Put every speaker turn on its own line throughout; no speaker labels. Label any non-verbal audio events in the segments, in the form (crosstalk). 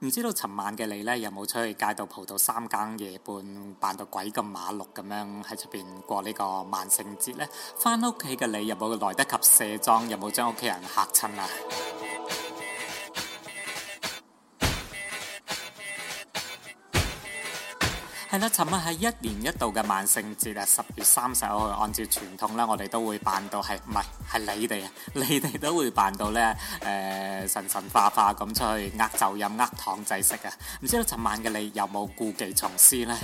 唔知道尋晚嘅你呢，有冇出去街度蒲到三更夜半，扮到鬼咁馬六咁樣喺出邊過呢個萬聖節呢？返屋企嘅你有冇來得及卸妝？有冇將屋企人嚇親啊？係啦，尋晚係一年一度嘅萬聖節啊，十月三十號，按照傳統咧，我哋都會扮到，到，係唔係？係你哋啊，你哋都會扮到咧，誒，神神化化咁出去呃酒飲、呃糖仔食啊，唔知道尋晚嘅你有冇故技重施呢？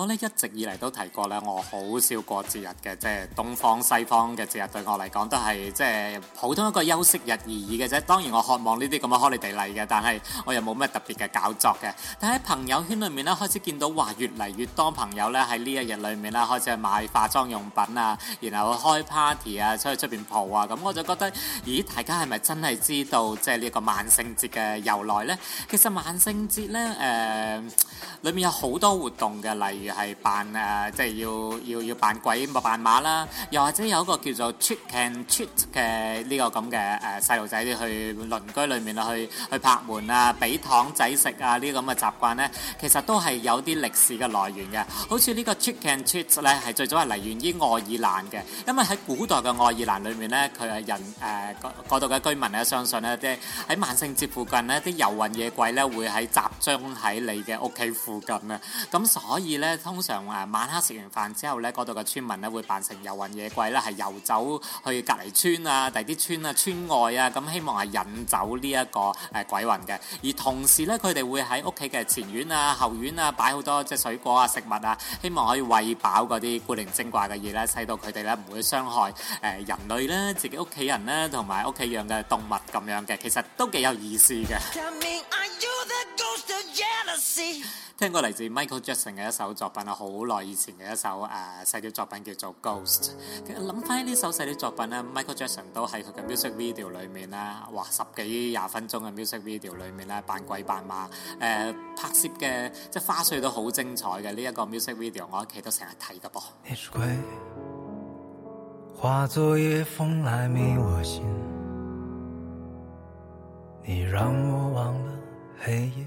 我咧，一直以嚟都提過咧，我好少過節日嘅，即係東方西方嘅節日對我嚟講都係即係普通一個休息日而已嘅而已嘅啫。當然我渴望呢啲咁嘅 holiday 嚟嘅，但係我又冇咩特別嘅搞作嘅。但喺朋友圈裏面咧，開始見到話越嚟越多朋友咧喺呢一日裏面咧開始去買化妝用品啊，然後開 party 啊，出去出邊蒲啊。咁我就覺得，咦，大家係咪真係知道即係呢個萬聖節嘅由來呢？其實萬聖節咧，誒、呃，裏面有好多活動嘅，例如。係扮誒、呃，即係要要要扮鬼扮馬啦，又或者有一個叫做 trick and treat 嘅呢個咁嘅誒細路仔去鄰居裏面去去拍門啊，俾糖仔食啊，呢啲咁嘅習慣呢，其實都係有啲歷史嘅來源嘅。好似呢個 trick and treat 呢，係最早係嚟源於愛爾蘭嘅，因為喺古代嘅愛爾蘭裏面呢，佢係人誒嗰、呃、度嘅居民呢，相信呢，即係喺萬聖節附近呢啲遊魂野鬼呢會喺集中喺你嘅屋企附近啊，咁所以呢。通常誒晚黑食完飯之後咧，嗰度嘅村民咧會扮成遊魂野鬼啦，係遊走去隔離村啊、第啲村啊、村外啊，咁希望係引走呢一個誒鬼魂嘅。而同時咧，佢哋會喺屋企嘅前院啊、後院啊擺好多即係水果啊、食物啊，希望可以餵飽嗰啲古靈精怪嘅嘢咧，使到佢哋咧唔會傷害誒人類咧、自己屋企人咧同埋屋企養嘅動物咁樣嘅。其實都幾有意思
嘅。
聽過嚟自 Michael Jackson 嘅一首作品啊，好耐以前嘅一首誒、呃、細啲作品叫做 Ghost。其實諗翻呢首細啲作品咧，Michael Jackson 都喺佢嘅 music video 裏面啦。哇十幾廿分鐘嘅 music video 裏面咧，扮鬼扮馬，誒、呃、拍攝嘅即係花絮都好精彩嘅呢一個 music video，我屋企都成日睇嘅噃。
化作夜風，你讓我忘了黑夜。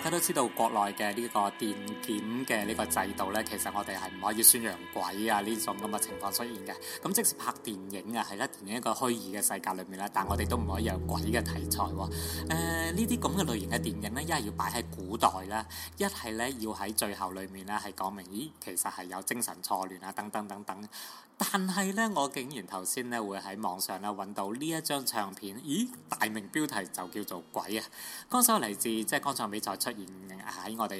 都知道國內嘅呢個電檢嘅呢個制度呢，其實我哋係唔可以宣揚鬼啊呢種咁嘅情況出現嘅。咁即使拍電影嘅係咧，電影一個虛擬嘅世界裏面咧，但我哋都唔可以有鬼嘅題材喎、哦。呢啲咁嘅類型嘅電影呢，一係要擺喺古代啦，一係呢要喺最後裏面咧係講明，咦，其實係有精神錯亂啊，等等等等。但係呢，我竟然頭先呢會喺網上咧揾到呢一張唱片，咦，大名標題就叫做鬼啊！剛才嚟自即係歌唱比賽出現。喺我哋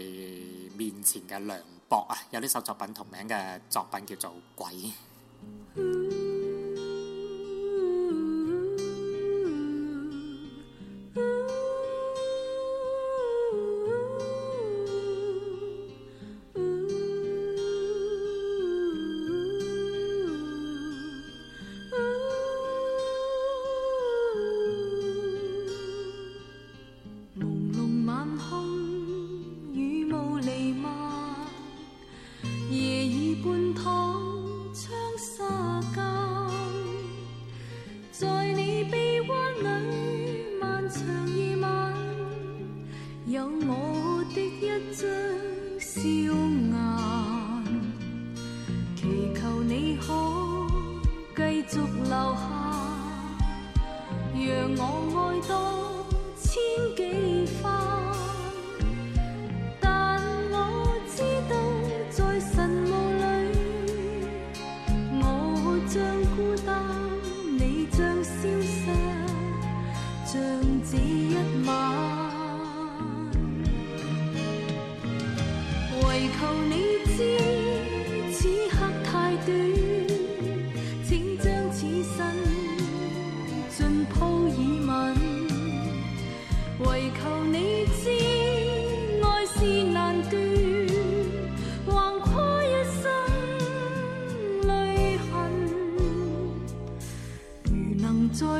面前嘅梁博啊，有呢首作品同名嘅作品叫做《鬼》。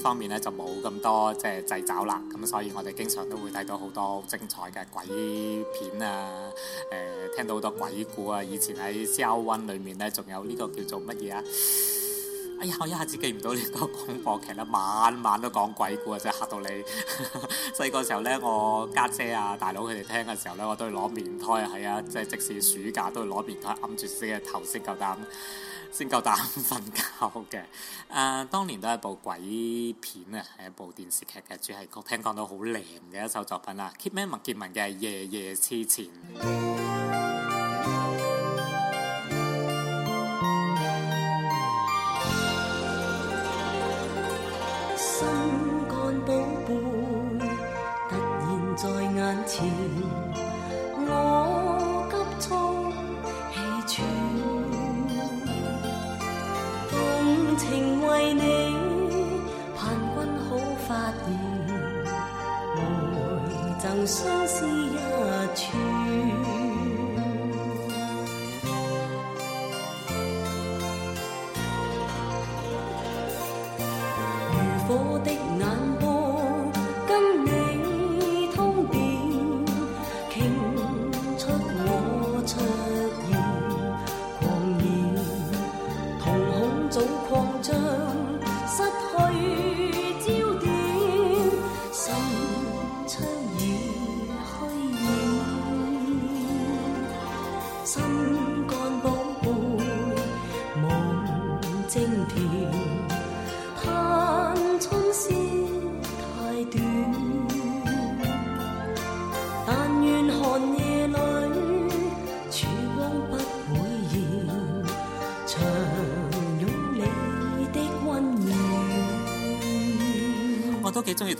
方面咧就冇咁多即係掣肘啦，咁、就是、所以我哋經常都會睇到好多很精彩嘅鬼片啊，誒、呃、聽到好多鬼故啊，以前喺 CR1 裏面咧仲有呢個叫做乜嘢啊？哎呀，我一下子記唔到這個呢個廣播劇啦，晚晚都講鬼故啊，真係嚇到你！細 (laughs) 個時候咧，我家姐，姐啊、大佬佢哋聽嘅時候咧，我都會攞棉胎啊，係啊，即係即使暑假都攞棉胎揞住自己嘅頭先夠膽。先夠膽瞓覺嘅，啊，當年都係部鬼片啊，係一部電視劇嘅主題曲，聽講到好靚嘅一首作品啊。 (music) Keep m 啟明，麥潔文嘅《夜夜癡纏》。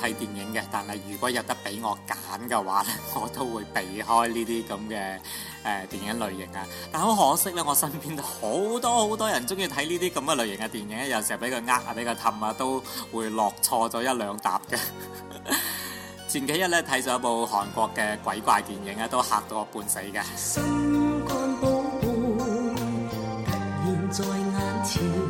睇電影嘅，但係如果有得俾我揀嘅話咧，我都會避開呢啲咁嘅誒電影類型啊！但好可惜咧，我身邊好多好多人中意睇呢啲咁嘅類型嘅電影，有時候俾佢呃啊，俾佢氹啊，都會落錯咗一兩搭嘅。 (laughs) 前幾日咧睇咗一部韓國嘅鬼怪電影咧，都嚇到我半死嘅。心
肝寶貝突然在眼前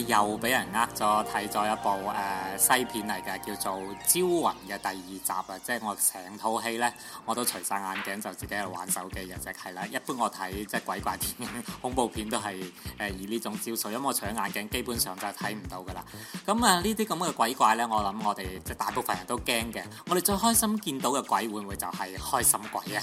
又俾人呃咗，睇咗一部誒、呃、西片嚟嘅，叫做《招魂》嘅第二集啊。即係我成套戲咧，我都除晒眼鏡就自己喺度玩手機嘅啫，係啦。一般我睇即係鬼怪片、恐怖片都係誒、呃、以呢種招數，因為我除咗眼鏡基本上就睇唔到噶啦。咁啊，呢啲咁嘅鬼怪咧，我諗我哋即大部分人都驚嘅。我哋最開心見到嘅鬼會唔會就係開心鬼啊？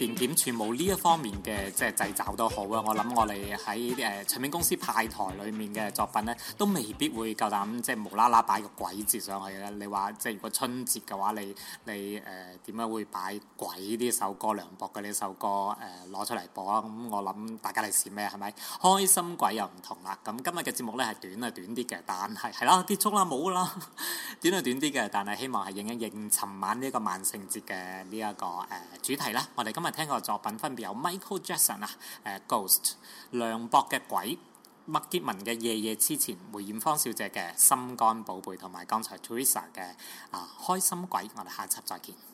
點點全無呢一方面嘅即係製造都好啊！我諗我哋喺誒唱片公司派台裏面嘅作品咧，都未必會夠膽即係無啦啦擺個鬼字上去嘅。你話即係如果春節嘅話，你你誒點解會擺鬼呢首歌？梁博嘅呢首歌誒攞、呃、出嚟播啊！咁我諗大家嚟試咩係咪？開心鬼又唔同啦。咁今日嘅節目咧係短啊，短啲嘅，但係係啦，結束啦，冇啦，短啊，短啲嘅，但係希望係應一應尋晚呢一個萬聖節嘅呢一個誒、呃、主題啦。我哋今日。聽過作品分別有 Michael Jackson 啊、uh、Ghost、梁博嘅鬼、麥潔文嘅夜夜痴纏、梅艷芳小姐嘅心肝寶貝，同埋剛才 Teresa 嘅啊、uh，開心鬼，我哋下集再見。